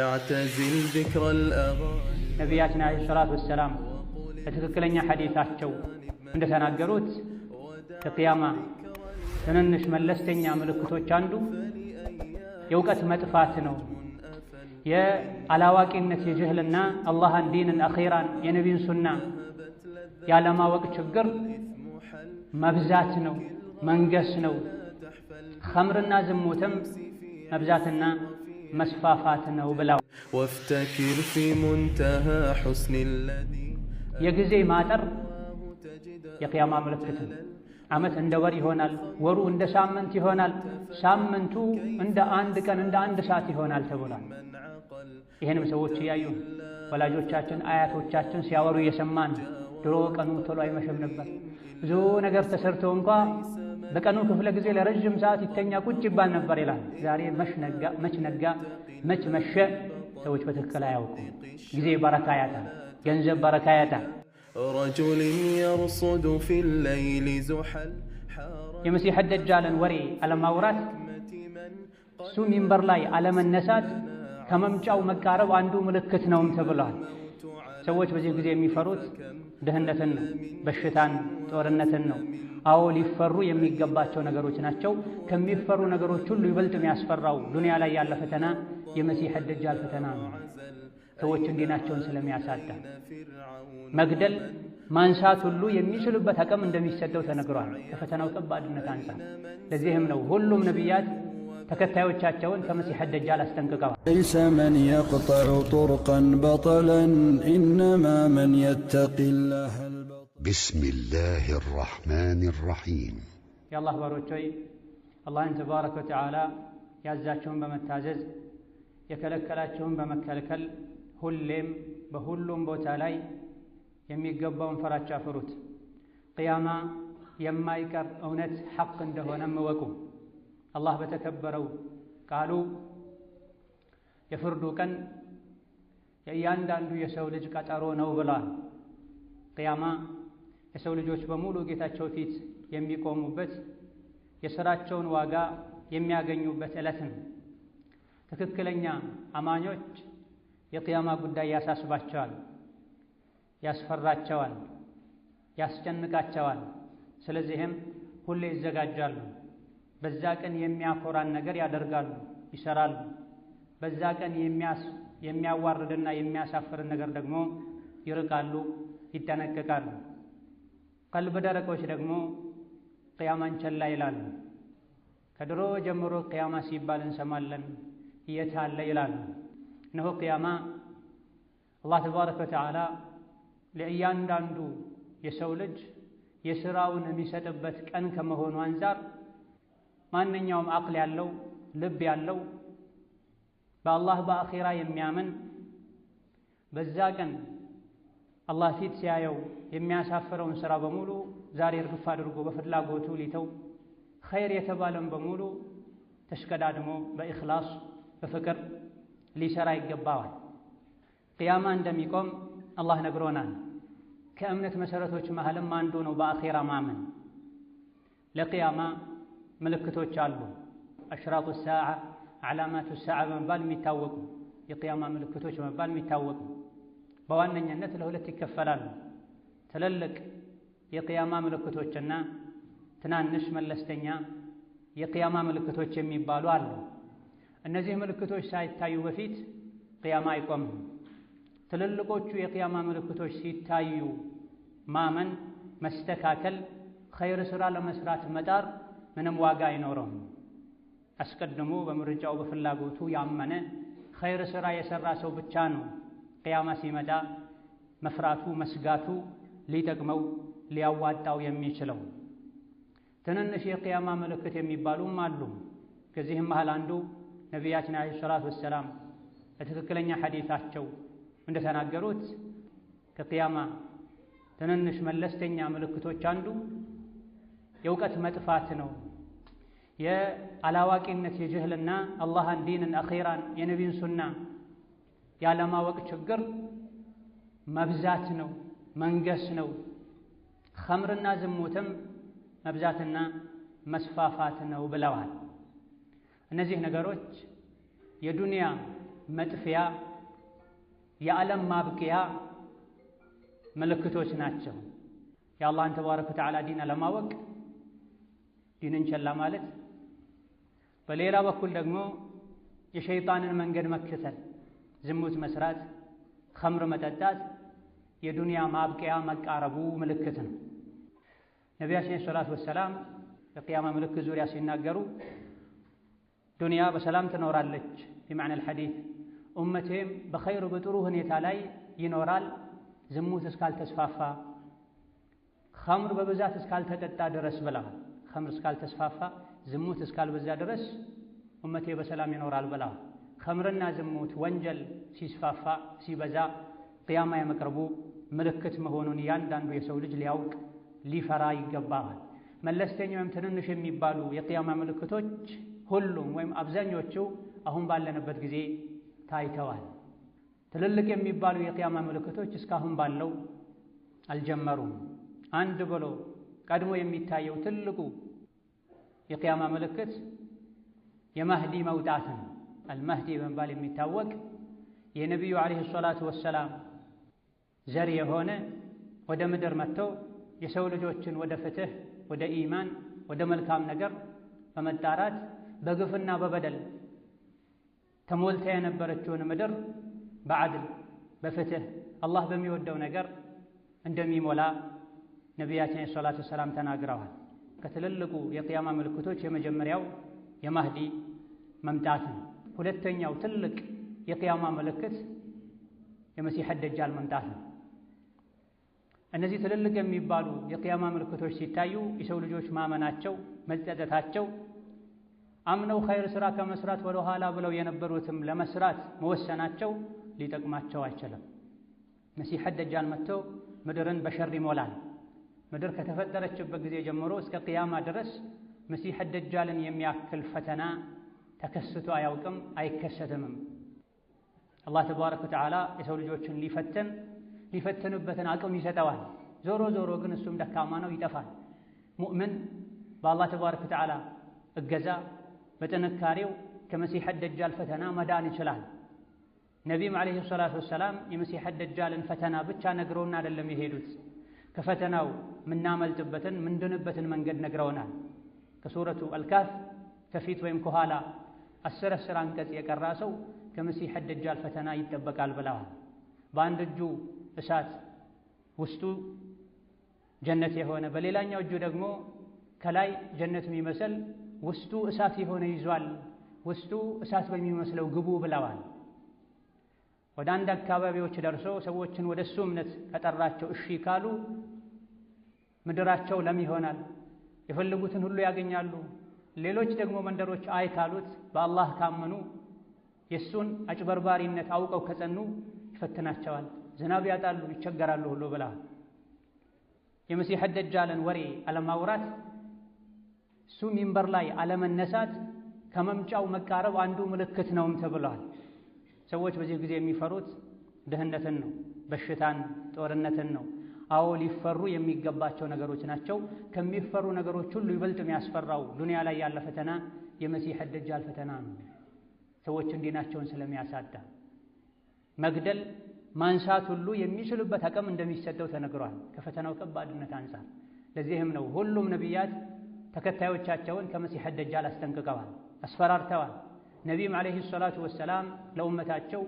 اعتزل ذكر الأغاني ነቢያችን ዓለይሂ ሰላቱ ወሰላም በትክክለኛ ሐዲታቸው እንደተናገሩት ከቅያማ ትንንሽ መለስተኛ ምልክቶች አንዱ የእውቀት መጥፋት ነው። የአላዋቂነት የጅህልና አላህን፣ ዲንን፣ አኼራን፣ የነቢን ሱና ያለማወቅ ችግር መብዛት ነው፣ መንገስ ነው። ኸምርና ዝሙትም መብዛትና መስፋፋት ነው ብለው ወፍተኪር ፊ ሙንተሃ ሑስኒ የጊዜ ማጠር የቅያማ ምልክት ነው። ዓመት እንደ ወር ይሆናል፣ ወሩ እንደ ሳምንት ይሆናል፣ ሳምንቱ እንደ አንድ ቀን እንደ አንድ ሰዓት ይሆናል ተብሏል። ይህንም ሰዎች እያዩ ወላጆቻችን አያቶቻችን ሲያወሩ እየሰማን ድሮ ቀኑ ቶሎ አይመሸም ነበር ብዙ ነገር ተሰርቶ እንኳ بكانو كفلا جزيل رجم ساعات التنيا كتش بان نفر زاري مش نقا مش نقا مش مش سويت بتلك لا يوكو جزيل بركاياتا جنزب بركاياتا رجل يرصد في الليل زحل يا مسيح الدجال وري على ما ورات سو من برلاي على من نسات كمم جاو مكارو عندو ملكتنا ومتبلان ሰዎች በዚህ ጊዜ የሚፈሩት ድህነትን ነው፣ በሽታን፣ ጦርነትን ነው። አዎ ሊፈሩ የሚገባቸው ነገሮች ናቸው። ከሚፈሩ ነገሮች ሁሉ ይበልጥ የሚያስፈራው ዱንያ ላይ ያለ ፈተና የመሲህ ደጃል ፈተና ነው። ሰዎች እንዲናቸውን ስለሚያሳጣ መግደል፣ ማንሳት ሁሉ የሚችሉበት አቅም እንደሚሰደው ተነግሯል። ከፈተናው ከባድነት አንጻር ለዚህም ነው ሁሉም ነቢያት ليس من يقطع طرقا بطلا إنما من يتقي الله البطل بسم الله الرحمن الرحيم يا الله باروتشوي الله انت بارك وتعالى يا الزاتشون بمتازز يكلكلاتشون بمكلكل هلم بهلم بوتالاي የሚገባውን ፈራቻ ፍሩት ቅያማ የማይቀር እውነት ሐቅ እንደሆነም ወቁም አላህ በተከበረው ቃሉ የፍርዱ ቀን የእያንዳንዱ የሰው ልጅ ቀጠሮ ነው ብሏል። ቅያማ የሰው ልጆች በሙሉ ጌታቸው ፊት የሚቆሙበት የሥራቸውን ዋጋ የሚያገኙበት ዕለት ነው። ትክክለኛ አማኞች የቅያማ ጉዳይ ያሳስባቸዋል፣ ያስፈራቸዋል፣ ያስጨንቃቸዋል። ስለዚህም ሁሌ ይዘጋጃሉ። በዛ ቀን የሚያኮራን ነገር ያደርጋሉ፣ ይሰራሉ። በዛ ቀን የሚያዋርድና የሚያሳፍርን ነገር ደግሞ ይርቃሉ፣ ይጠነቀቃሉ። ቀልብ ደረቆች ደግሞ ቅያማን ቸላ ይላሉ። ከድሮ ጀምሮ ቅያማ ሲባል እንሰማለን፣ አለ ይላሉ። እነሆ ቅያማ አላህ ተባረከ ወተዓላ ለእያንዳንዱ የሰው ልጅ የሥራውን የሚሰጥበት ቀን ከመሆኑ አንጻር ማንኛውም አቅል ያለው ልብ ያለው በአላህ በአኼራ የሚያምን በዛ ቀን አላህ ፊት ሲያየው የሚያሳፍረውን ስራ በሙሉ ዛሬ እርግፍ አድርጎ በፍላጎቱ ሊተው ኸይር የተባለን በሙሉ ተሽቀዳድሞ በኢኽላስ በፍቅር ሊሰራ ይገባዋል። ቅያማ እንደሚቆም አላህ ነግሮናል። ከእምነት መሰረቶች መሃልም አንዱ ነው በአኼራ ማመን ለቅያማ ምልክቶች አሉ። አሽራጡ ሰዓ ዓላማቱ ሰዓ በመባል የሚታወቁ የቅያማ ምልክቶች በመባል የሚታወቁ በዋነኛነት ለሁለት ይከፈላሉ። ትልልቅ የቅያማ ምልክቶችና ትናንሽ መለስተኛ የቅያማ ምልክቶች የሚባሉ አሉ። እነዚህ ምልክቶች ሳይታዩ በፊት ቅያማ አይቆምም። ትልልቆቹ የቅያማ ምልክቶች ሲታዩ ማመን፣ መስተካከል፣ ኸይር ሥራ ለመስራት መጣር ምንም ዋጋ አይኖረውም። አስቀድሞ በምርጫው በፍላጎቱ ያመነ ኸይር ሥራ የሠራ ሰው ብቻ ነው ቅያማ ሲመጣ መፍራቱ መስጋቱ ሊጠቅመው ሊያዋጣው የሚችለው። ትንንሽ የቅያማ ምልክት የሚባሉም አሉ። ከዚህም መሃል አንዱ ነቢያችን ዓለይሂ ሰላቱ ወሰላም በትክክለኛ ሐዲታቸው እንደተናገሩት ከቅያማ ትንንሽ መለስተኛ ምልክቶች አንዱ የእውቀት መጥፋት ነው። የአላዋቂነት የጅህልና አላህን፣ ዲንን፣ አኼራን የነቢን ሱና ያለማወቅ ችግር መብዛት ነው፣ መንገስ ነው። ኸምርና ዝሙትም መብዛትና መስፋፋት ነው ብለዋል። እነዚህ ነገሮች የዱንያ መጥፊያ የዓለም ማብቂያ ምልክቶች ናቸው። የአላህን ተባረከ ወተዓላ ዲን አለማወቅ ዲንን ቸላ ማለት፣ በሌላ በኩል ደግሞ የሸይጣንን መንገድ መከተል፣ ዝሙት መስራት፣ ኸምር መጠጣት የዱንያ ማብቂያ መቃረቡ ምልክት ነው። ነቢያችን ሰላቱ ወሰላም በቅያማ ምልክት ዙሪያ ሲናገሩ ዱንያ በሰላም ትኖራለች ቢማዕና አልሐዲት ኡመቴም በኸይር በጥሩ ሁኔታ ላይ ይኖራል ዝሙት እስካልተስፋፋ ኸምር በብዛት እስካልተጠጣ ድረስ ብለዋል። ከምር እስካልተስፋፋ ዝሙት እስካልበዛ ድረስ ኡመቴ በሰላም ይኖራል ብላ ከምርና ዝሙት ወንጀል ሲስፋፋ ሲበዛ ቅያማ የመቅረቡ ምልክት መሆኑን እያንዳንዱ የሰው ልጅ ሊያውቅ ሊፈራ ይገባል። መለስተኛ ወይም ትንንሽ የሚባሉ የቅያማ ምልክቶች ሁሉም ወይም አብዛኞቹ አሁን ባለንበት ጊዜ ታይተዋል። ትልልቅ የሚባሉ የቅያማ ምልክቶች እስካሁን ባለው አልጀመሩም። አንድ ብሎ ቀድሞ የሚታየው ትልቁ የቅያማ ምልክት የማህዲ መውጣት ነው። አልማህዲ በመባል የሚታወቅ የነቢዩ ዓለይሂ ሰላቱ ወሰላም ዘር የሆነ ወደ ምድር መጥተው የሰው ልጆችን ወደ ፍትህ፣ ወደ ኢማን፣ ወደ መልካም ነገር በመጣራት በግፍና በበደል ተሞልታ የነበረችውን ምድር በዓድል በፍትህ አላህ በሚወደው ነገር እንደሚሞላ ነቢያችን ዓለይሂ ሰላቱ ወሰላም ተናግረዋል። ከትልልቁ የቅያማ ምልክቶች የመጀመሪያው የማህዲ መምጣት ነው። ሁለተኛው ትልቅ የቅያማ ምልክት የመሲህ ደጃል መምጣት ነው። እነዚህ ትልልቅ የሚባሉ የቅያማ ምልክቶች ሲታዩ የሰው ልጆች ማመናቸው፣ መጸጸታቸው፣ አምነው ኸይር ሥራ ከመስራት ወደ ኋላ ብለው የነበሩትም ለመስራት መወሰናቸው ሊጠቅማቸው አይችልም። መሲህ ደጃል መጥቶ ምድርን በሸር ይሞላል። ምድር ከተፈጠረችበት ጊዜ ጀምሮ እስከ ቅያማ ድረስ መሲሕ ደጃልን የሚያክል ፈተና ተከስቶ አያውቅም፣ አይከሰትምም። አላህ ተባረከ ወተዓላ የሰው ልጆችን ሊፈትን ሊፈትኑበትን አቅም ይሰጠዋል። ዞሮ ዞሮ ግን እሱም ደካማ ነው፣ ይጠፋል። ሙእምን በአላህ ተባረከ ወተዓላ እገዛ በጥንካሬው ከመሲሕ ደጃል ፈተና መዳን ይችላል። ነቢም ዓለይሂ ሰላቱ ወሰላም የመሲሕ ደጃልን ፈተና ብቻ ነግረውና አይደለም የሄዱት ከፈተናው ምናመልጥበትን ምንድንበትን መንገድ ነግረውናል። ከሱረቱ አልካፍ ከፊት ወይም ከኋላ አስር አስር አንቀጽ የቀራ ሰው ከመሲሕ ደጃል ፈተና ይጠበቃል ብለዋል። በአንድ እጁ እሳት ውስጡ ጀነት የሆነ በሌላኛው እጁ ደግሞ ከላይ ጀነት የሚመስል ውስጡ እሳት የሆነ ይዟል። ውስጡ እሳት በሚመስለው ግቡ ብለዋል። ወደ አንድ አካባቢዎች ደርሶ ሰዎችን ወደ እሱ እምነት ከጠራቸው እሺ ካሉ ምድራቸው ለም ይሆናል፣ የፈለጉትን ሁሉ ያገኛሉ። ሌሎች ደግሞ መንደሮች አይ ካሉት በአላህ ካመኑ የእሱን አጭበርባሪነት አውቀው ከጸኑ ይፈትናቸዋል፣ ዝናብ ያጣሉ፣ ይቸገራሉ ሁሉ ብላ የመሲሕ ደጃልን ወሬ አለማውራት እሱ ሚንበር ላይ አለመነሳት ከመምጫው መቃረብ አንዱ ምልክት ነውም ተብለዋል። ሰዎች በዚህ ጊዜ የሚፈሩት ድህነትን ነው፣ በሽታን፣ ጦርነትን ነው። አዎ ሊፈሩ የሚገባቸው ነገሮች ናቸው። ከሚፈሩ ነገሮች ሁሉ ይበልጥ የሚያስፈራው ዱንያ ላይ ያለ ፈተና የመሲህ ደጃል ፈተና ነው። ሰዎች እንዲናቸውን ስለሚያሳዳ መግደል ማንሳት ሁሉ የሚችሉበት አቅም እንደሚሰጠው ተነግሯል፣ ከፈተናው ከባድነት አንጻር። ለዚህም ነው ሁሉም ነቢያት ተከታዮቻቸውን ከመሲህ ደጃል አስጠንቅቀዋል፣ አስፈራርተዋል። ነቢይም ዓለይሂ ሰላቱ ወሰላም ለኡመታቸው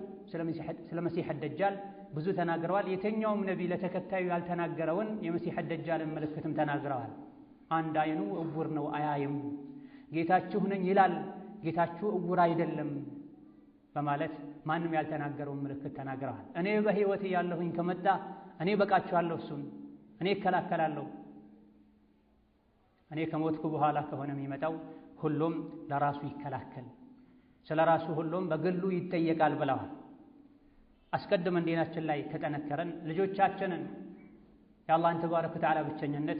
ስለ ደጃል ብዙ ተናግረዋል። የተኛውም ነቢይ ለተከታዩ ያልተናገረውን የመሲሕ ደጃልን ምልክትም ተናግረዋል። አንድ አይኑ እውር ነው አያይም፣ ጌታችሁ ነኝ ይላል፣ ጌታችሁ እውር አይደለም በማለት ማንም ያልተናገረውን ምልክት ተናግረዋል። እኔ በህይወት እያለሁኝ ከመጣ እኔ በቃችኋለሁ፣ እሱን እኔ እከላከላለሁ። እኔ ከሞትኩ በኋላ ከሆነ የሚመጣው ሁሉም ለራሱ ይከላከል፣ ስለ ራሱ ሁሉም በግሉ ይጠየቃል ብለዋል። አስቀድመን ዲናችን ላይ ከጠነከረን ልጆቻችንን የአላህን ተባረከ ወተዓላ ብቸኝነት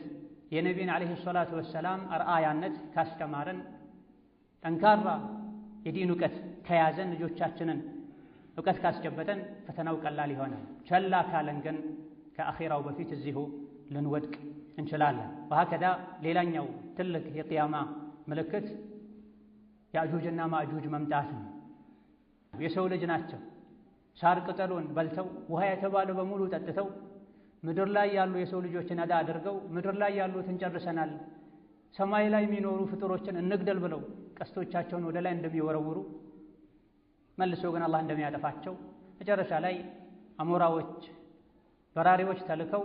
የነቢን ዓለይሂ ሰላቱ ወሰላም አርአያነት ካስተማረን ጠንካራ የዲን እውቀት ከያዘን ልጆቻችንን እውቀት ካስጨበጠን ፈተናው ቀላል ይሆናል። ቸላ ካለን ግን ከአኼራው በፊት እዚሁ ልንወድቅ እንችላለን። ወሀከዳ ሌላኛው ትልቅ የቅያማ ምልክት የአጁጅና ማእጁጅ መምጣት ነው። የሰው ልጅ ናቸው። ሳር ቅጠሉን በልተው ውሃ የተባለው በሙሉ ጠጥተው ምድር ላይ ያሉ የሰው ልጆችን አዳ አድርገው ምድር ላይ ያሉትን ጨርሰናል፣ ሰማይ ላይ የሚኖሩ ፍጡሮችን እንግደል ብለው ቀስቶቻቸውን ወደ ላይ እንደሚወረውሩ መልሶ ግን አላህ እንደሚያጠፋቸው መጨረሻ ላይ አሞራዎች በራሪዎች ተልከው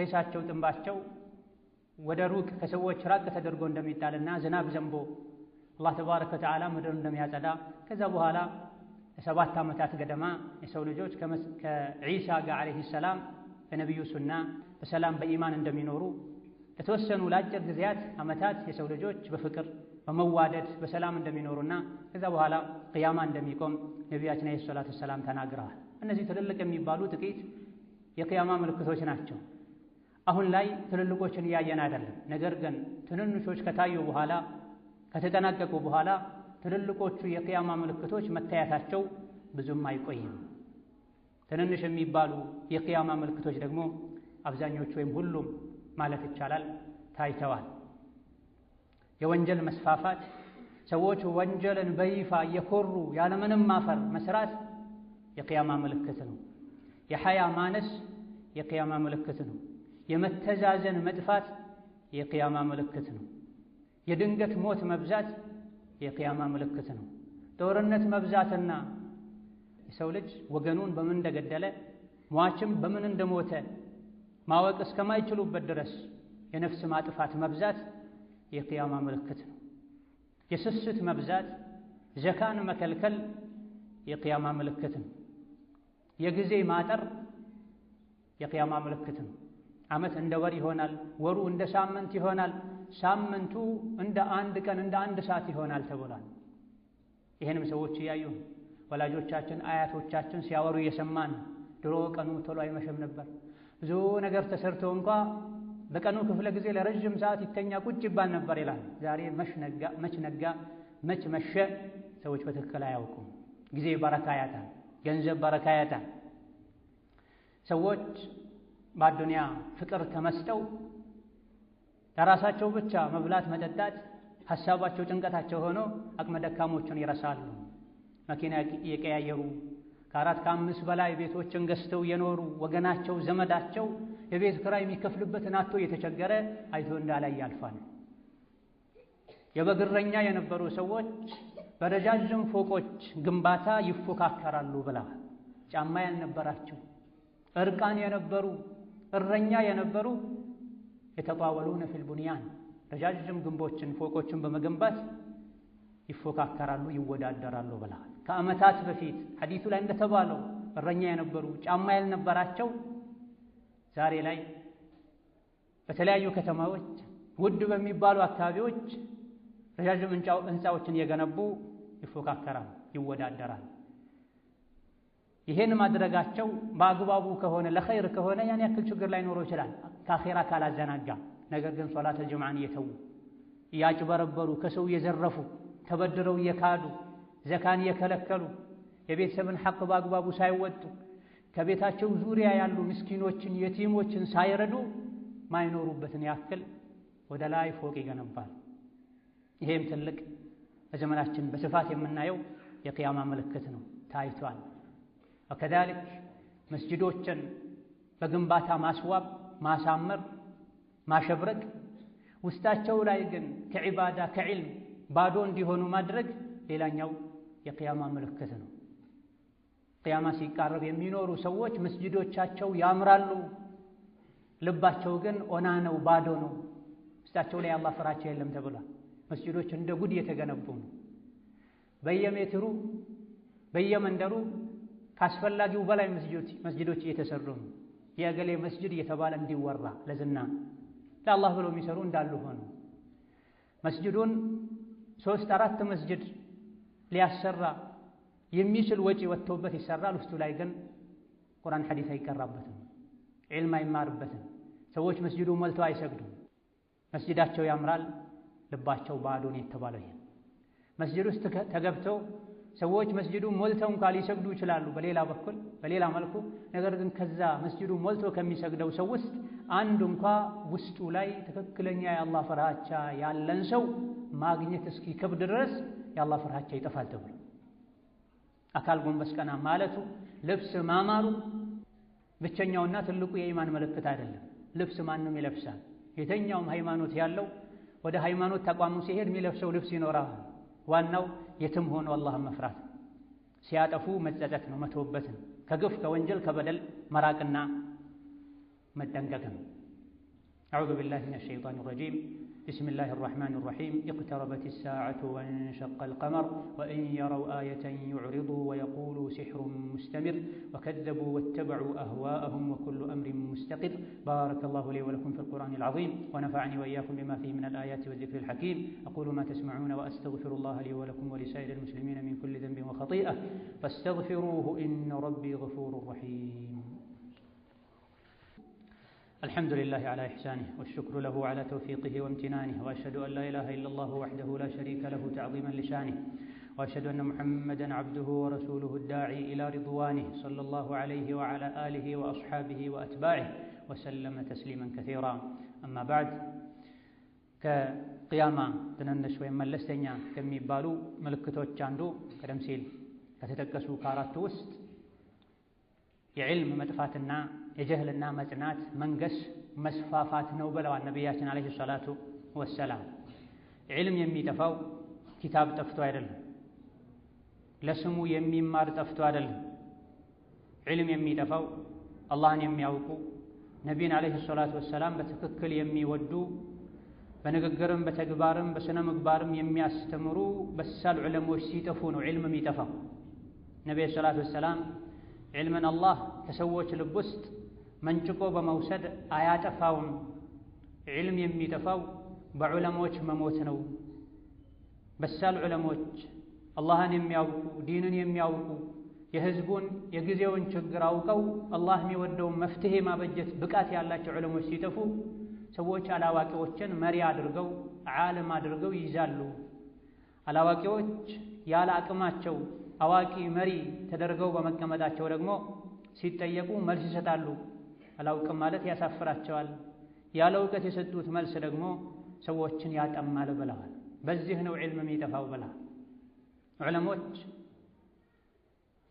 ሬሳቸው ጥንባቸው ወደ ሩቅ ከሰዎች ራቅ ተደርጎ እንደሚጣልና ዝናብ ዘንቦ አላህ ተባረከ ወተዓላ ምድር እንደሚያጸዳ ከዛ በኋላ ለሰባት ዓመታት ገደማ የሰው ልጆች ከዒሳ ጋር ዓለይሂ ሰላም በነቢዩ ሱና በሰላም በኢማን እንደሚኖሩ ለተወሰኑ ለአጭር ጊዜያት ዓመታት የሰው ልጆች በፍቅር በመዋደድ በሰላም እንደሚኖሩና ከዛ በኋላ ቅያማ እንደሚቆም ነቢያችን ዓለይሂ ሰላቱ ሰላም ተናግረዋል። እነዚህ ትልልቅ የሚባሉ ጥቂት የቅያማ ምልክቶች ናቸው። አሁን ላይ ትልልቆችን እያየን አይደለም። ነገር ግን ትንንሾች ከታዩ በኋላ ከተጠናቀቁ በኋላ ትልልቆቹ የቅያማ ምልክቶች መታየታቸው ብዙም አይቆይም። ትንንሽ የሚባሉ የቅያማ ምልክቶች ደግሞ አብዛኞቹ ወይም ሁሉም ማለት ይቻላል ታይተዋል። የወንጀል መስፋፋት፣ ሰዎች ወንጀልን በይፋ እየኮሩ ያለምንም ማፈር መስራት የቅያማ ምልክት ነው። የሐያ ማነስ የቅያማ ምልክት ነው። የመተዛዘን መጥፋት የቅያማ ምልክት ነው። የድንገት ሞት መብዛት የቅያማ ምልክት ነው። ጦርነት መብዛትና የሰው ልጅ ወገኑን በምን እንደገደለ ሟችም በምን እንደሞተ ማወቅ እስከማይችሉበት ድረስ የነፍስ ማጥፋት መብዛት የቅያማ ምልክት ነው። የስስት መብዛት፣ ዘካን መከልከል የቅያማ ምልክት ነው። የጊዜ ማጠር የቅያማ ምልክት ነው። ዓመት እንደ ወር ይሆናል፣ ወሩ እንደ ሳምንት ይሆናል፣ ሳምንቱ እንደ አንድ ቀን እንደ አንድ ሰዓት ይሆናል ተብሏል። ይህንም ሰዎች እያዩ ወላጆቻችን አያቶቻችን ሲያወሩ እየሰማን ድሮ ቀኑ ቶሎ አይመሸም ነበር። ብዙ ነገር ተሰርቶ እንኳ በቀኑ ክፍለ ጊዜ ለረዥም ሰዓት ይተኛ ቁጭ ይባል ነበር ይላል። ዛሬ መች ነጋ መች መሸ ሰዎች በትክክል አያውቁም። ጊዜ በረካ ያጣል፣ ገንዘብ በረካ ያጣል። ሰዎች በአዱንያ ፍቅር ተመስጠው ለራሳቸው ብቻ መብላት መጠጣት ሀሳባቸው ጭንቀታቸው ሆኖ አቅመ ደካሞቹን ይረሳሉ። መኪና የቀያየሩ ከአራት ከአምስት በላይ ቤቶችን ገዝተው የኖሩ ወገናቸው ዘመዳቸው የቤት ክራይ የሚከፍልበትን አቶ እየተቸገረ አይቶ እንዳላይ ያልፋል። የበግረኛ የነበሩ ሰዎች በረጃጅም ፎቆች ግንባታ ይፎካከራሉ ብላ ጫማ ያልነበራቸው እርቃን የነበሩ እረኛ የነበሩ የተጧወሉነ ፊል ቡንያን ረጃጅም ግንቦችን፣ ፎቆችን በመገንባት ይፎካከራሉ፣ ይወዳደራሉ ብለሃል። ከዓመታት በፊት ሐዲቱ ላይ እንደተባለው እረኛ የነበሩ ጫማ ያልነበራቸው ዛሬ ላይ በተለያዩ ከተማዎች ውድ በሚባሉ አካባቢዎች ረጃጅም ህንፃዎችን እየገነቡ ይፎካከራል፣ ይወዳደራል። ይሄን ማድረጋቸው በአግባቡ ከሆነ ለኸይር ከሆነ ያን ያክል ችግር ላይኖረው ይችላል፣ ከአኼራ ካላዘናጋ። ነገር ግን ሶላተል ጅምዓን እየተዉ እያጭበረበሩ፣ ከሰው እየዘረፉ፣ ተበድረው እየካዱ፣ ዘካን እየከለከሉ፣ የቤተሰብን ሐቅ በአግባቡ ሳይወጡ፣ ከቤታቸው ዙሪያ ያሉ ምስኪኖችን፣ የቲሞችን ሳይረዱ ማይኖሩበትን ያክል ወደ ላይ ፎቅ ይገነባል። ይሄም ትልቅ በዘመናችን በስፋት የምናየው የቅያማ ምልክት ነው፣ ታይቷል። ወከዛሊክ መስጅዶችን በግንባታ ማስዋብ፣ ማሳመር፣ ማሸብረቅ ውስጣቸው ላይ ግን ከዒባዳ ከዕልም ባዶ እንዲሆኑ ማድረግ ሌላኛው የቅያማ ምልክት ነው። ቅያማ ሲቃረብ የሚኖሩ ሰዎች መስጅዶቻቸው ያምራሉ፣ ልባቸው ግን ኦና ነው፣ ባዶ ነው፣ ውስጣቸው ላይ አላህ ፍራቻ የለም ተብሏል። መስጅዶች እንደ ጉድ እየተገነቡ ነው። በየሜትሩ በየመንደሩ ካስፈላጊው በላይ መስጅዶች እየተሰሩ ነው። የእገሌ መስጅድ እየተባለ እንዲወራ ለዝና ለአላህ ብለው የሚሰሩ እንዳሉ ሆኑ። መስጅዱን ሶስት አራት መስጅድ ሊያሰራ የሚችል ወጪ ወጥቶበት ይሰራል። ውስጡ ላይ ግን ቁርአን ሐዲስ አይቀራበትም፣ ዒልም አይማርበትም። ሰዎች መስጅዱ ሞልተው አይሰግዱም። መስጅዳቸው ያምራል፣ ልባቸው ባዶን የተባለው ይሄ መስጅድ ውስጥ ተገብተው ሰዎች መስጅዱ ሞልተው እንኳ ሊሰግዱ ይችላሉ፣ በሌላ በኩል በሌላ መልኩ። ነገር ግን ከዛ መስጅዱ ሞልቶ ከሚሰግደው ሰው ውስጥ አንድ እንኳ ውስጡ ላይ ትክክለኛ የአላህ ፍርሃቻ ያለን ሰው ማግኘት እስኪከብድ ድረስ የአላህ ፍርሃቻ ይጠፋል ተብሎ አካል ጎንበስ ቀና ማለቱ፣ ልብስ ማማሩ ብቸኛውና ትልቁ የኢማን ምልክት አይደለም። ልብስ ማንም ይለብሳል። የተኛውም ሃይማኖት ያለው ወደ ሃይማኖት ተቋሙ ሲሄድ የሚለብሰው ልብስ ይኖራል። ዋናው يتم هون والله مفرات سياتفو مزدتنا متوبتنا كقف كونجل كبدل مراقنا مدنقكم أعوذ بالله من الشيطان الرجيم بسم الله الرحمن الرحيم اقتربت الساعة وانشق القمر وإن يروا آية يعرضوا ويقولوا سحر مستمر وكذبوا واتبعوا أهواءهم وكل أمر مستقر بارك الله لي ولكم في القرآن العظيم ونفعني وإياكم بما فيه من الآيات والذكر الحكيم أقول ما تسمعون وأستغفر الله لي ولكم ولسائر المسلمين من كل ذنب وخطيئة فاستغفروه إن ربي غفور رحيم الحمد لله على إحسانه والشكر له على توفيقه وامتنانه وأشهد أن لا إله إلا الله وحده لا شريك له تعظيما لشانه وأشهد أن محمدا عبده ورسوله الداعي إلى رضوانه صلى الله عليه وعلى آله وأصحابه وأتباعه وسلم تسليما كثيرا أما بعد ከቅያማ ትንንሽ ወይም لستنيا كمي بالو ملكة ቀደም كرمسيل كتتكسو ከአራቱ ውስጥ የዕልም መጥፋትና የጀህልና መጽናት መንገስ መስፋፋት ነው ብለዋል ነቢያችን አለይሂ ሰላቱ ወሰላም። ዒልም የሚጠፋው ኪታብ ጠፍቶ አይደለም፣ ለስሙ የሚማር ጠፍቶ አይደለም። ዒልም የሚጠፋው አላህን የሚያውቁ ነቢይን አለይሂ ሰላቱ ወሰላም በትክክል የሚወዱ በንግግርም በተግባርም በስነ ምግባርም የሚያስተምሩ በሳል ዑለሞች ሲጠፉ ነው ዒልም የሚጠፋው። ነቢይ ሰላቱ ወሰላም ዒልምን አላህ ከሰዎች ልብ ውስጥ መንጭቆ በመውሰድ አያጠፋውም። ዒልም የሚጠፋው በዑለሞች መሞት ነው። በሳል ዑለሞች አላህን የሚያውቁ ዲንን የሚያውቁ የህዝቡን የጊዜውን ችግር አውቀው አላህ የሚወደውን መፍትሄ ማበጀት ብቃት ያላቸው ዑለሞች ሲጠፉ ሰዎች አላዋቂዎችን መሪ አድርገው ዓለም አድርገው ይይዛሉ። አላዋቂዎች ያለ አቅማቸው አዋቂ መሪ ተደርገው በመቀመጣቸው ደግሞ ሲጠየቁ መልስ ይሰጣሉ። አላውቅም ማለት ያሳፍራቸዋል። ያለ እውቀት የሰጡት መልስ ደግሞ ሰዎችን ያጠማል ብለዋል። በዚህ ነው ዒልም የሚጠፋው ብለዋል። ዑለሞች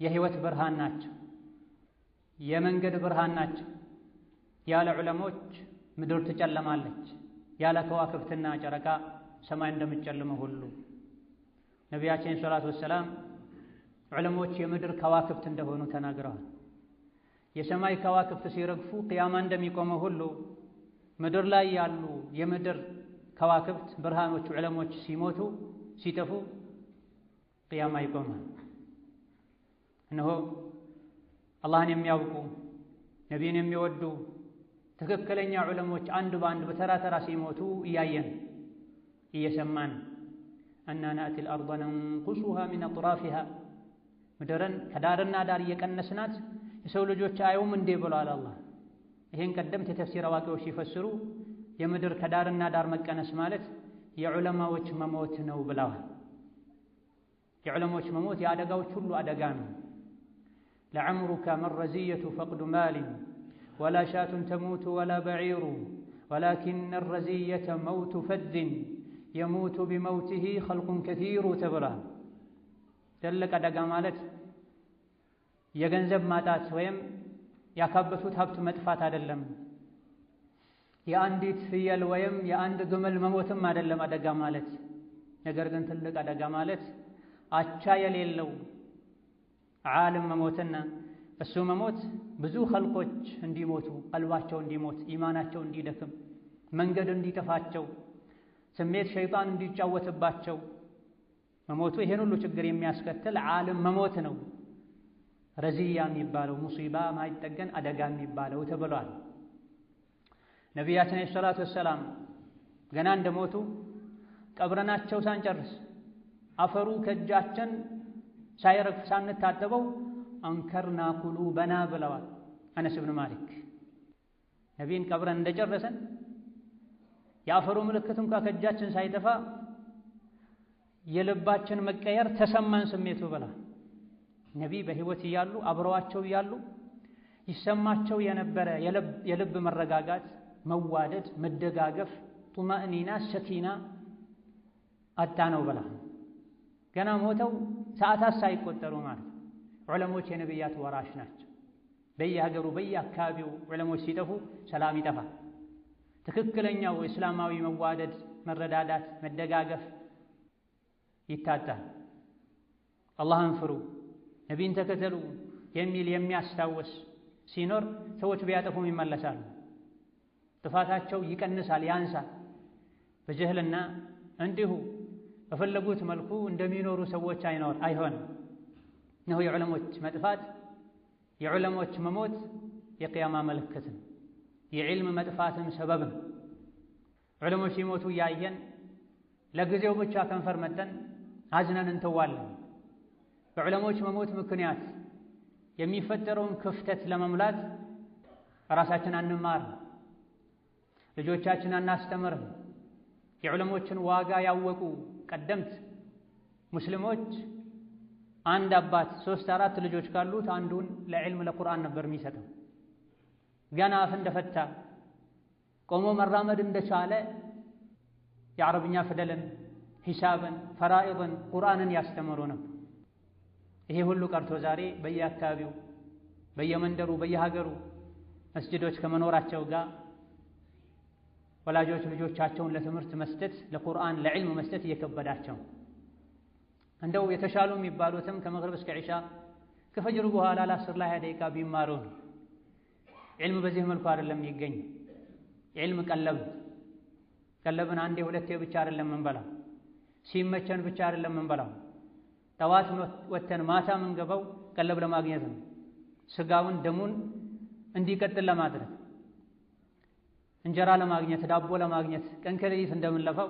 የህይወት ብርሃን ናቸው፣ የመንገድ ብርሃን ናቸው። ያለ ዑለሞች ምድር ትጨለማለች፣ ያለ ከዋክብትና ጨረቃ ሰማይ እንደምትጨልመው ሁሉ ነቢያችን ሰላቱ ወሰላም ዑለሞች የምድር ከዋክብት እንደሆኑ ተናግረዋል። የሰማይ ከዋክብት ሲረግፉ ቅያማ እንደሚቆመው ሁሉ ምድር ላይ ያሉ የምድር ከዋክብት ብርሃኖቹ ዕለሞች ሲሞቱ ሲጠፉ ቅያማ ይቆማል። እነሆ አላህን የሚያውቁ ነቢይን የሚወዱ ትክክለኛ ዑለሞች አንድ በአንድ በተራ ተራ ሲሞቱ እያየን እየሰማን እና ናእቲ ልአርض ነንቁሱሃ ሚን አጥራፊሃ ምድርን ከዳርና ዳር እየቀነስናት የሰው ልጆች አየውም እንዴ ብሏል አላህ። ይህን ቀደምት የተፍሲር አዋቂዎች ሲፈስሩ የምድር ከዳርና ዳር መቀነስ ማለት የዑለማዎች መሞት ነው ብለዋል። የዑለማዎች መሞት የአደጋዎች ሁሉ አደጋ ነው። ለዐምሩከ መረዚየቱ ፈቅዱ ማሊን ወላ ሻቱን ተሙቱ ወላ በዒሩ ወላኪነ ረዚየተ መውቱ ፈድን የሙቱ ቢመውቲሂ ኸልቁን ከቲሩ ተብሏል። ትልቅ አደጋ ማለት የገንዘብ ማጣት ወይም ያካበቱት ሀብት መጥፋት አይደለም። የአንዲት ፍየል ወይም የአንድ ግመል መሞትም አይደለም አደጋ ማለት። ነገር ግን ትልቅ አደጋ ማለት አቻ የሌለው ዓለም መሞትና እሱ መሞት ብዙ ኸልቆች እንዲሞቱ ቀልባቸው እንዲሞት ኢማናቸው እንዲደክም መንገድ እንዲጠፋቸው ስሜት ሸይጣን እንዲጫወትባቸው መሞቱ ይሄን ሁሉ ችግር የሚያስከትል ዓለም መሞት ነው። ረዚያ የሚባለው ሙሲባ ማይጠገን አደጋ የሚባለው ተብሏል። ነቢያችን አለይሂ ሰላቱ ወሰላም ገና እንደሞቱ ቀብረናቸው ሳንጨርስ አፈሩ ከእጃችን ሳይረግፍ ሳንታጠበው አንከርና በና ብለዋል አነስ ብን ማሊክ። ነቢይን ቀብረን እንደጨረሰን የአፈሩ ምልክት እንኳ ከእጃችን ሳይጠፋ የልባችን መቀየር ተሰማን ስሜቱ ብለዋል። ነቢ በህይወት እያሉ አብረዋቸው እያሉ ይሰማቸው የነበረ የልብ መረጋጋት፣ መዋደድ፣ መደጋገፍ፣ ጡማእኒና ሰኪና አጣ ነው ብላ ገና ሞተው ሰዓታት ሳይቆጠሩ ማለት ዑለሞች የነቢያት ወራሽ ናቸው። በየሀገሩ በየአካባቢው ዑለሞች ሲጠፉ ሰላም ይጠፋል። ትክክለኛው እስላማዊ መዋደድ፣ መረዳዳት፣ መደጋገፍ ይታጣል። አላህን ፍሩ። ነቢይን ተከተሉ የሚል የሚያስታውስ ሲኖር ሰዎች ቢያጠፉም ይመለሳሉ። ጥፋታቸው ይቀንሳል፣ ያንሳል። በጅህልና እንዲሁ በፈለጉት መልኩ እንደሚኖሩ ሰዎች አይኖር አይሆንም። እነሆ የዑለሞች መጥፋት የዑለሞች መሞት የቅያማ ምልክት የዕልም መጥፋትም ሰበብ ነው። ዑለሞች ሲሞቱ እያየን ለጊዜው ብቻ ከንፈር መጠን አዝነን እንተዋለን። በዑለሞች መሞት ምክንያት የሚፈጠረውን ክፍተት ለመሙላት ራሳችን አንማር፣ ልጆቻችን አናስተምር። የዑለሞችን ዋጋ ያወቁ ቀደምት ሙስሊሞች አንድ አባት ሶስት አራት ልጆች ካሉት አንዱን ለዕልም ለቁርአን ነበር የሚሰጠው። ገና አፍ እንደፈታ ቆሞ መራመድ እንደቻለ የአረብኛ ፊደልን፣ ሂሳብን፣ ፈራኢድን፣ ቁርአንን ያስተምሩ ነበር። ይሄ ሁሉ ቀርቶ ዛሬ በየአካባቢው በየመንደሩ በየሀገሩ መስጅዶች ከመኖራቸው ጋር ወላጆች ልጆቻቸውን ለትምህርት መስጠት ለቁርአን ለዕልም መስጠት እየከበዳቸው እንደው የተሻሉ የሚባሉትም ከመግሪብ እስከ ዒሻ ከፈጅሩ በኋላ ለአስር ላይ ደቂቃ ቢማሩ ዕልም በዚህ መልኩ አይደለም የሚገኝ። ዕልም ቀለብ ቀለብን አንዴ ሁለቴ ብቻ አይደለም እንበላው፣ ሲመቸን ብቻ አይደለም ምንበላው። ጠዋት ወተን ማታ የምንገባው ቀለብ ለማግኘት ነው። ስጋውን ደሙን እንዲቀጥል ለማድረግ እንጀራ ለማግኘት ዳቦ ለማግኘት ቀን ከሌሊት እንደምንለፋው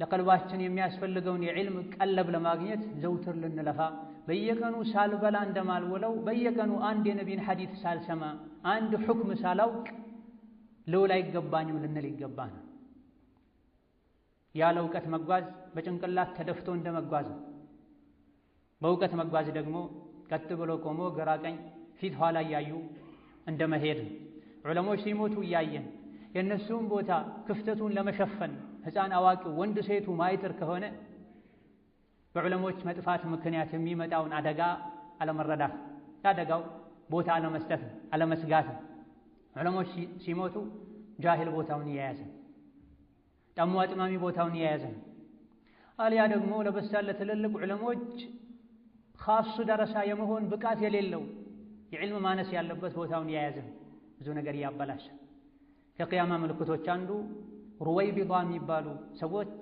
ለቀልባችን የሚያስፈልገውን የዕልም ቀለብ ለማግኘት ዘውትር ልንለፋ በየቀኑ ሳልበላ እንደማልውለው በየቀኑ አንድ የነቢን ሐዲት ሳልሰማ አንድ ሑክም ሳላውቅ ልውል አይገባኝም ልንል ይገባናል። ያለ እውቀት መጓዝ በጭንቅላት ተደፍቶ እንደ መጓዝ ነው። በእውቀት መጓዝ ደግሞ ቀጥ ብሎ ቆሞ ግራ ቀኝ ፊት ኋላ እያዩ እንደ መሄድ ነው። ዑለሞች ሲሞቱ እያየን የእነሱም ቦታ ክፍተቱን ለመሸፈን ሕፃን አዋቂው፣ ወንድ ሴቱ ማይጥር ከሆነ በዑለሞች መጥፋት ምክንያት የሚመጣውን አደጋ አለመረዳት፣ ለአደጋው ቦታ አለመስጠት፣ አለመስጋት። ዑለሞች ሲሞቱ ጃሂል ቦታውን እያያዘ ጠሙ አጥማሚ ቦታውን እያያዘ አልያ ደግሞ ለበሳለ ትልልቅ ዑለሞች ካሱ ደረሳ የመሆን ብቃት የሌለው የዕልም ማነስ ያለበት ቦታውን የያዘ ብዙ ነገር እያበላሸ። ከቅያማ ምልክቶች አንዱ ሩወይ ቢባ የሚባሉ ሰዎች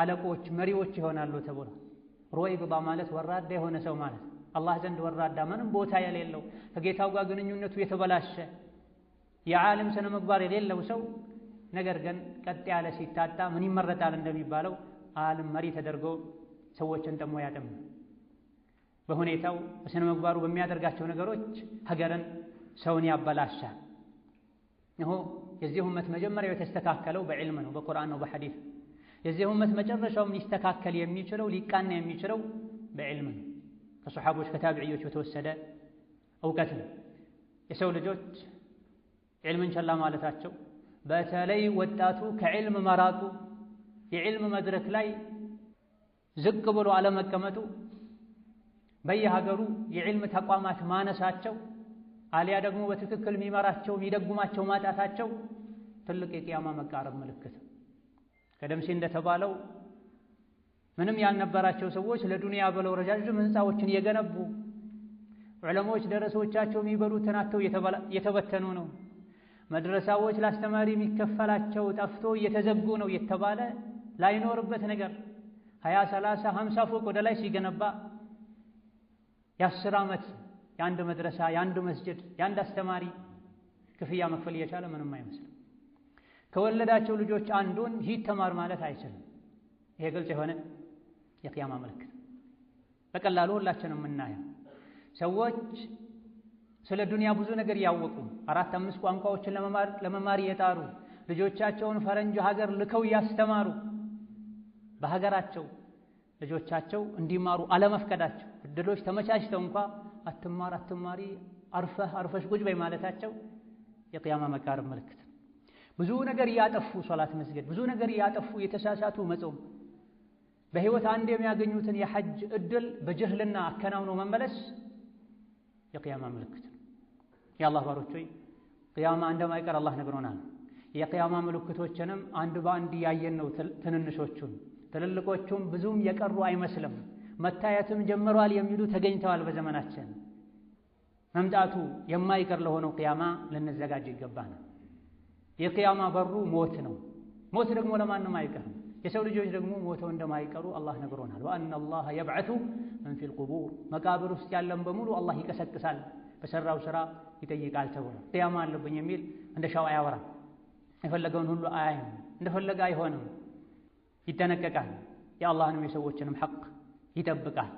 አለቆች፣ መሪዎች ይሆናሉ ተብሎ ሩወይ ቢባ ማለት ወራዳ የሆነ ሰው ማለት አላህ ዘንድ ወራዳ፣ ምንም ቦታ የሌለው ከጌታው ጋር ግንኙነቱ የተበላሸ የዓለም ስነ ምግባር የሌለው ሰው ነገር ግን ቀጥ ያለ ሲታጣ ምን ይመረጣል እንደሚባለው አልም መሪ ተደርጎ ሰዎችን ጥሞ ያጠምል። በሁኔታው በስነ ምግባሩ በሚያደርጋቸው ነገሮች ሀገርን ሰውን ያበላሻል። እነሆ የዚህ ኡመት መጀመሪያው የተስተካከለው በዕልም ነው፣ በቁርአን ነው፣ በሐዲስ የዚህ ኡመት መጨረሻውም ሊስተካከል የሚችለው ሊቃና የሚችለው በዕልም ነው። ከሶሓቦች ከታቢዕዮች በተወሰደ እውቀት ነው። የሰው ልጆች ዕልምን ቸላ ማለታቸው በተለይ ወጣቱ ከዕልም መራቁ፣ የዕልም መድረክ ላይ ዝቅ ብሎ አለመቀመጡ በየሀገሩ የዕልም ተቋማት ማነሳቸው አሊያ ደግሞ በትክክል የሚመራቸው የሚደጉማቸው ማጣታቸው ትልቅ የቅያማ መቃረብ ምልክት። ሲል እንደተባለው ምንም ያልነበራቸው ሰዎች ለዱንያ ብለው ረጃጅም ህንፃዎችን የገነቡ ዑለማዎች ደረሶቻቸው የሚበሉትን አጥተው የተበተኑ ነው። መድረሳዎች ለአስተማሪ የሚከፈላቸው ጠፍቶ እየተዘጉ ነው የተባለ ላይኖርበት ነገር ሀያ ሰላሳ ሀምሳ ፎቅ ወደ ላይ ሲገነባ የአስር ዓመት የአንድ መድረሳ የአንድ መስጅድ የአንድ አስተማሪ ክፍያ መክፈል እየቻለ ምንም አይመስልም። ከወለዳቸው ልጆች አንዱን ሂድ ተማር ማለት አይችልም። ይሄ ግልጽ የሆነ የቅያማ ምልክት በቀላሉ ሁላችንም የምናየው ሰዎች ስለ ዱንያ ብዙ ነገር እያወቁ አራት አምስት ቋንቋዎችን ለመማር እየጣሩ ልጆቻቸውን ፈረንጅ ሀገር ልከው እያስተማሩ በሀገራቸው ልጆቻቸው እንዲማሩ አለመፍቀዳቸው እድሎች ተመቻችተው እንኳ አትማር አትማሪ አርፈህ አርፈሽ ቁጭ በይ ማለታቸው የቅያማ መቃረብ ምልክት ብዙ ነገር እያጠፉ ሶላት መስገድ፣ ብዙ ነገር እያጠፉ የተሳሳቱ መጾም፣ በህይወት አንድ የሚያገኙትን የሐጅ እድል በጅህልና አከናውኖ መመለስ የቅያማ ምልክት ነው። የአላህ ባሮች ሆይ ቅያማ እንደማይቀር አላህ ነግሮናል። የቅያማ ምልክቶችንም አንድ በአንድ እያየን ነው። ትንንሾቹን ትልልቆቹም ብዙም የቀሩ አይመስልም። መታየትም ጀምሯል የሚሉ ተገኝተዋል። በዘመናችን መምጣቱ የማይቀር ለሆነው ቅያማ ልንዘጋጅ ነው። የቅያማ በሩ ሞት ነው። ሞት ደግሞ ለማንም አይቀርም። የሰው ልጆች ደግሞ ሞተው እንደማይቀሩ አላህ ነግሮናል። ወአና አላህ የብዐቱ መን ፊል ቁቡር፣ መቃብር ውስጥ ያለን በሙሉ አላህ ይቀሰቅሳል፣ በሰራው ስራ ይጠይቃል ተብሎ ቅያማ አለብኝ የሚል እንደ ሻው አያወራም። የፈለገውን ሁሉ አያይም፣ እንደፈለገ አይሆንም። ይጠነቀቃል የአላህንም የሰዎችንም ሐቅ ይጠብቃል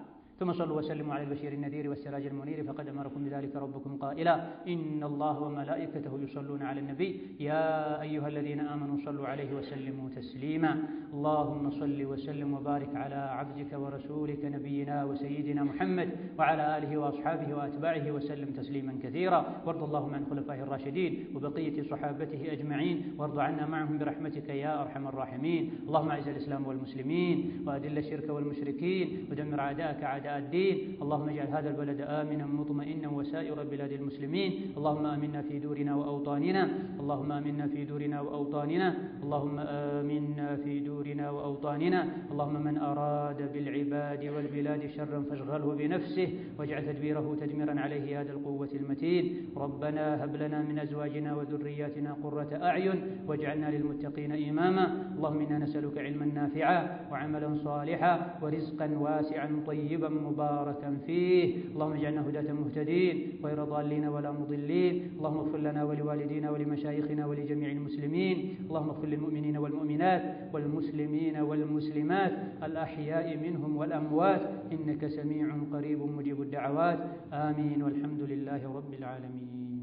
ثم صلوا وسلموا على البشير النذير والسراج المنير فقد امركم بذلك ربكم قائلا ان الله وملائكته يصلون على النبي يا ايها الذين امنوا صلوا عليه وسلموا تسليما اللهم صل وسلم وبارك على عبدك ورسولك نبينا وسيدنا محمد وعلى اله واصحابه واتباعه وسلم تسليما كثيرا وارض اللهم عن خلفائه الراشدين وبقيه صحابته اجمعين وارض عنا معهم برحمتك يا ارحم الراحمين اللهم اعز الاسلام والمسلمين واذل الشرك والمشركين ودمر اعداءك اعداء الدين اللهم اجعل هذا البلد آمنا مطمئنا وسائر بلاد المسلمين اللهم آمنا في دورنا وأوطاننا اللهم آمنا في دورنا وأوطاننا اللهم آمنا في دورنا وأوطاننا اللهم من أراد بالعباد والبلاد شرا فاشغله بنفسه واجعل تدبيره تدميرا عليه هذا القوة المتين ربنا هب لنا من أزواجنا وذرياتنا قرة أعين واجعلنا للمتقين إماما اللهم إنا نسألك علما نافعا وعملا صالحا ورزقا واسعا طيبا مباركا فيه اللهم اجعلنا هداة مهتدين غير ضالين ولا مضلين اللهم اغفر لنا ولوالدينا ولمشايخنا ولجميع المسلمين اللهم اغفر للمؤمنين والمؤمنات والمسلمين والمسلمات الأحياء منهم والأموات إنك سميع قريب مجيب الدعوات آمين والحمد لله رب العالمين